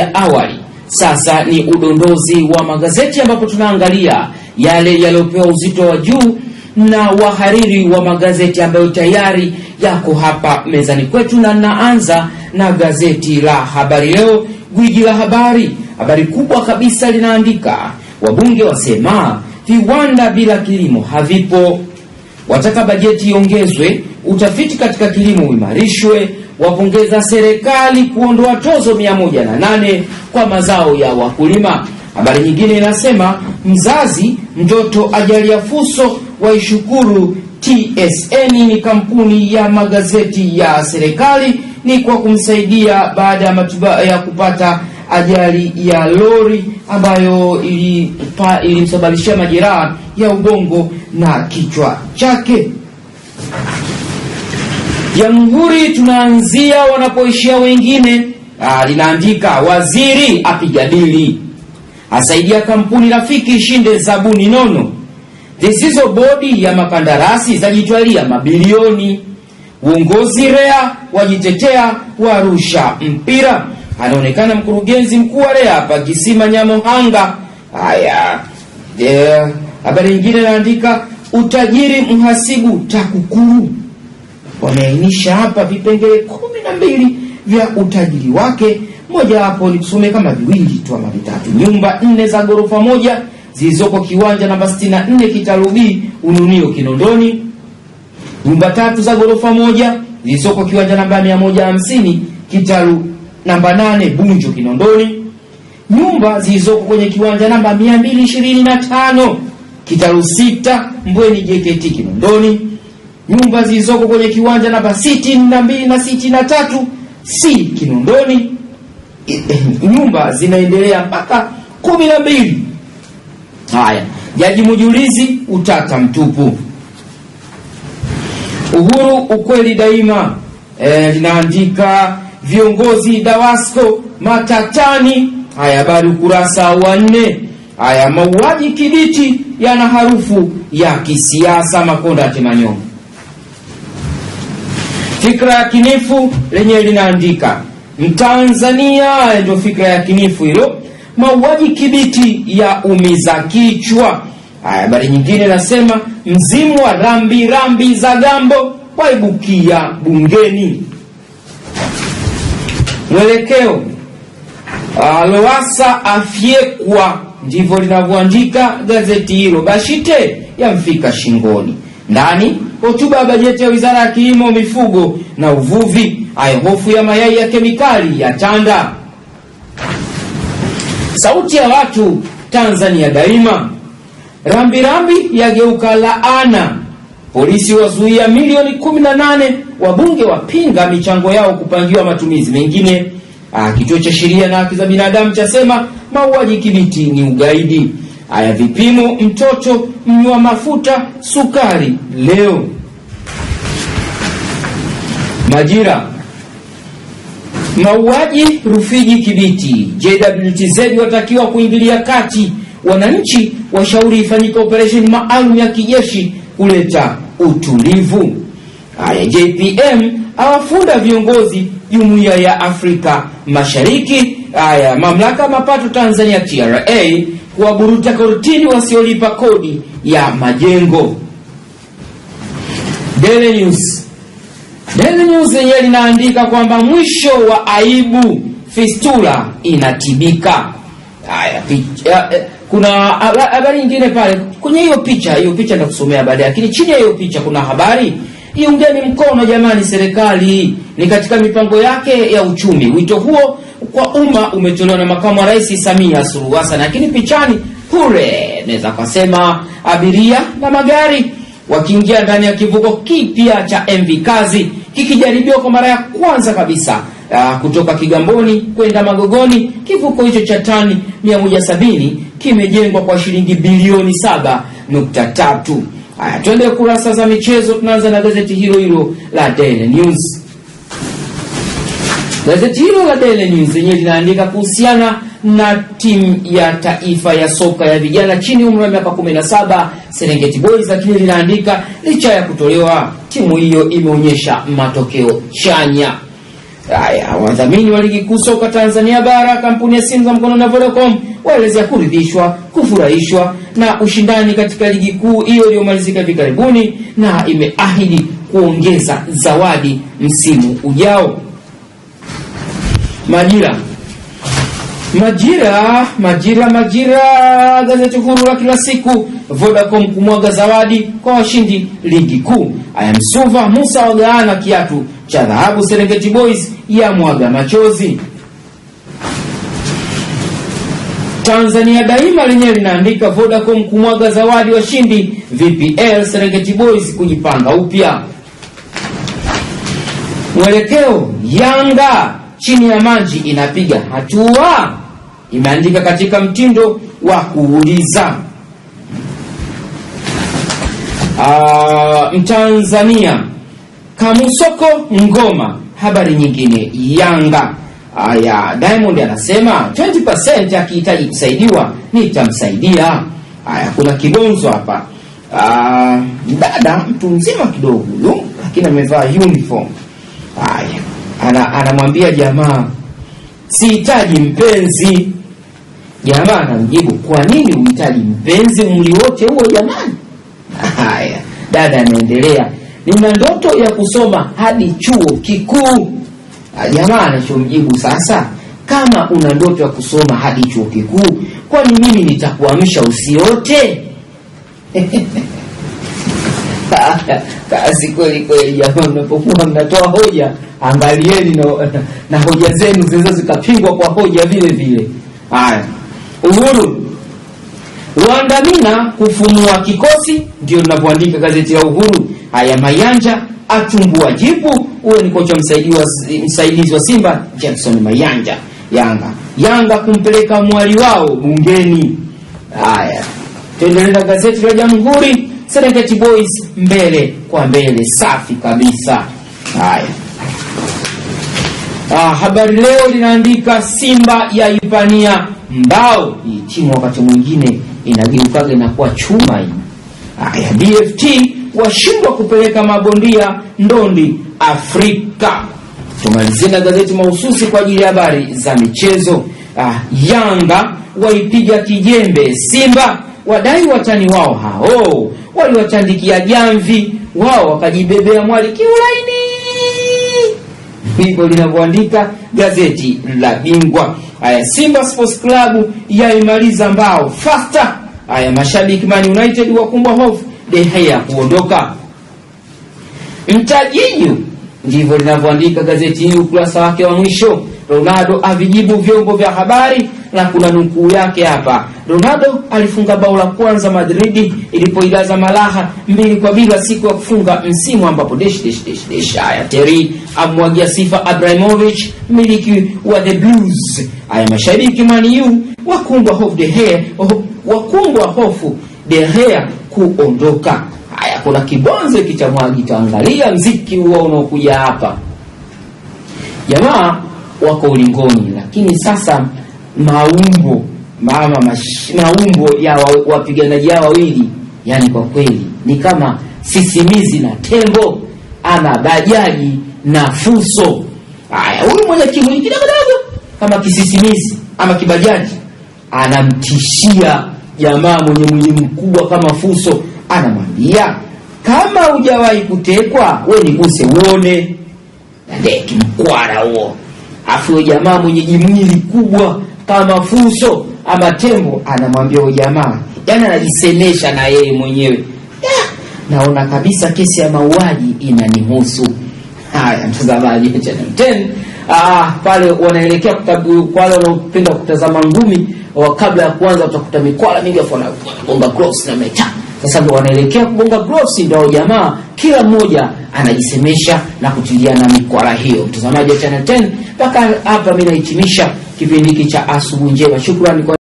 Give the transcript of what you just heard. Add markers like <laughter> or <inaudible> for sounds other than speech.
ya awali. Sasa ni udondozi wa magazeti ambapo tunaangalia yale yaliyopewa uzito wa juu na wahariri wa magazeti ambayo tayari yako hapa mezani kwetu, na naanza na gazeti la Habari Leo, gwiji la habari. Habari kubwa kabisa linaandika wabunge wasema viwanda bila kilimo havipo, wataka bajeti iongezwe, utafiti katika kilimo uimarishwe, wapongeza serikali kuondoa tozo 108 kwa mazao ya wakulima. Habari nyingine inasema mzazi mtoto ajali ya fuso, waishukuru TSN. Ni kampuni ya magazeti ya serikali, ni kwa kumsaidia baada ya matiba ya kupata ajali ya lori ambayo ilimsababishia majeraha ya ubongo na kichwa chake. Jamhuri tunaanzia wanapoishia wengine. Ah, linaandika waziri apigadili asaidia kampuni rafiki ishinde zabuni nono. Zisizo bodi ya makandarasi zajitwalia mabilioni. Uongozi REA wajitetea, warusha mpira. Anaonekana mkurugenzi mkuu wa REA Pakisima Nyamohanga. Haya, habari yeah. nyingine naandika utajiri mhasibu TAKUKURU wameainisha hapa vipengele kumi na mbili vya utajiri wake. Mojawapo ni kusome kama viwili tu ama vitatu: nyumba nne za ghorofa moja zilizoko kiwanja namba 64 kitalu B Ununio Kinondoni, nyumba tatu za ghorofa moja zilizoko kiwanja namba 150 kitalu namba 8 Bunjo Kinondoni, nyumba zilizoko kwenye kiwanja namba 225 kitaru sita Mbweni jeketi Kinondoni nyumba zilizoko kwenye kiwanja namba sitini na mbili na sitini na tatu si Kinondoni e, e, nyumba zinaendelea mpaka kumi na mbili. Haya, jaji mjulizi, utata mtupu. Uhuru ukweli daima e, linaandika viongozi Dawasco matatani. Haya, bali ukurasa wa nne. Haya, mauaji Kibiti yana harufu ya kisiasa. Makonda Kimanyoma fikra ya kinifu lenyewe linaandika Mtanzania, ndio fikra ya kinifu hilo. Mauaji Kibiti ya umiza kichwa. Haya, habari nyingine nasema mzimu wa rambi rambi za Gambo waibukia bungeni. Mwelekeo ah, lowasa afyekwa, ndivyo linavyoandika gazeti hilo. Bashite yamfika shingoni ndani hotuba ya bajeti ya wizara ya kilimo, mifugo na uvuvi hofu ya mayai ya kemikali ya tanda. Sauti ya watu, Tanzania Daima. Rambirambi yageuka ana polisi wazuia milioni 18, wabunge wapinga michango yao kupangiwa matumizi mengine. Ah, kituo cha sheria na haki za binadamu chasema mauaji Kibiti ni ugaidi. Aya, vipimo mtoto, mnywa mafuta, sukari. Leo Majira, mauaji Rufiji Kibiti, JWTZ watakiwa kuingilia kati, wananchi washauri ifanyike operesheni maalum ya kijeshi kuleta utulivu. haya JPM awafunda viongozi jumuiya ya Afrika Mashariki. Aya, mamlaka mapato Tanzania TRA kuwaburuta kortini wasiolipa kodi ya majengo. Daily News Daily News yenyewe linaandika kwamba mwisho wa aibu, fistula inatibika. Haya, picha eh, kuna habari nyingine pale kwenye hiyo picha, hiyo picha nitakusomea baadaye, lakini chini ya hiyo picha kuna habari iungeni mkono jamani serikali, ni katika mipango yake ya uchumi. Wito huo kwa umma umetolewa na makamu wa rais Samia Suluhu Hassan, lakini pichani kule naweza kusema abiria na magari wakiingia ndani ya kivuko kipya cha MV Kazi kikijaribiwa kwa mara ya kwanza kabisa aa, ah, kutoka Kigamboni kwenda Magogoni. Kivuko hicho cha tani 170 kimejengwa kwa shilingi bilioni 7.3. Haya, twende kurasa za michezo. Tunaanza na gazeti hilo hilo la Daily News. Gazeti hilo la Daily News lenyewe linaandika kuhusiana na timu ya taifa ya soka ya vijana chini umri wa miaka 17 Serengeti Boys, lakini linaandika licha ya kutolewa timu hiyo imeonyesha matokeo chanya. Haya, wadhamini wa ligi kuu soka Tanzania bara, kampuni ya simu za mkono na Vodacom waelezea kuridhishwa, kufurahishwa na ushindani katika ligi kuu hiyo iliyomalizika hivi karibuni, na imeahidi kuongeza zawadi msimu ujao. Majira, Majira, Majira, Majira, gazeti huru la kila siku. Vodacom kumwaga zawadi kwa washindi ligi kuu. Ayamsuva Musa wagaana kiatu cha dhahabu. Serengeti Boys ya mwaga machozi. Tanzania Daima lenyewe linaandika Vodacom kumwaga zawadi washindi VPL, Serengeti Boys kujipanga upya. Mwelekeo Yanga chini ya maji inapiga hatua, imeandika katika mtindo wa kuuliza. Ah, Mtanzania Kamusoko Ngoma, habari nyingine Yanga. Aya, Diamond anasema 20% akihitaji kusaidiwa nitamsaidia. Aya, kuna kibonzo hapa ah, dada mtu mzima kidogo huyu, lakini amevaa uniform. Aya, ana, anamwambia jamaa, sihitaji mpenzi. Jamaa anamjibu, kwa nini uhitaji mpenzi mli wote huo jamani? <laughs> Haya, dada anaendelea, nina ndoto ya kusoma hadi chuo kikuu. Ah, jamaa anachomjibu sasa, kama una ndoto ya kusoma hadi chuo kikuu, kwani mimi nitakuamsha usiote? <laughs> kazi kweli kweli jamani, unapokuwa mnatoa hoja angalieni na, na hoja zenu zinaweza zikapingwa kwa hoja vile vile. Haya, Uhuru. Rwandamina kufunua kikosi, ndio ninavyoandika gazeti la Uhuru. Haya, Mayanja achumbua jipu. Huyo ni kocha msaidizi wa Simba Jackson Mayanja. Yanga Yanga kumpeleka mwali wao bungeni. Haya, tuendelee gazeti la Jamhuri Serengeti Boys mbele kwa mbele, safi kabisa. Haya, ah, Habari Leo linaandika Simba ya ipania mbao. Hii timu wakati mwingine inageukaga inakuwa chuma hii. Haya, DFT washindwa kupeleka mabondia ndondi Afrika. Tumalizie na gazeti mahususi kwa ajili ya habari za michezo. Ah, Yanga waipiga kijembe Simba, wadai watani wao hao waliwatandikia jamvi, wao wakajibebea mwali kiulaini. hivyo linavyoandika gazeti la Bingwa. aya Simba Sports Club yaimaliza mbao fasta. aya mashabiki Man United wakumbwa hofu De kuondoka. Mtajinyu, ndivyo linavyoandika gazeti hii ukurasa wake wa mwisho. Ronaldo avijibu vyombo vya habari na kuna nukuu yake hapa. Ronaldo alifunga bao la kwanza Madrid ilipoilaza Malaha mbili kwa bila siku ya kufunga msimu ambapo desh desh desh desh haya Terry amwagia sifa Abramovic, miliki wa the Blues. Haya mashabiki Man U wakumbwa hofu de hair wakumbwa hofu de hair kuondoka. Haya kuna kibonzo kichamwagi, taangalia mziki huo unaokuja hapa, jamaa wako ulingoni, lakini sasa maumbo mama mash, maumbo ya wapiganaji hao wawili yani kwa kweli ni kama sisimizi na tembo ama bajaji na fuso. Haya, huyu mwenye kimwili kidogo kama kisisimizi ama kibajaji anamtishia jamaa mwenye mwili mkubwa kama fuso, anamwambia kama hujawahi kutekwa we niguse uone. Ndio kimkwara huo, afu jamaa mwenye jimwili kubwa kama mafunzo ama tembo, anamwambia ujamaa, yani anajisemesha na yeye mwenyewe, naona kabisa kesi ya mauaji inanihusu. Haya mtazamaji, ah, ah, pale wanaelekea wale wanaopenda kutazama ngumi kabla ya kuanza utakuta mikwala mingi afu wanagonga gloves na mecha. Sasa ndio wanaelekea kugonga gloves, ndio jamaa kila mmoja anajisemesha na kutiliana mikwala hiyo. Mtazamaji wa Channel 10, mpaka hapa mimi naitimisha kipindi hiki cha asubuhi njema. Shukrani kwa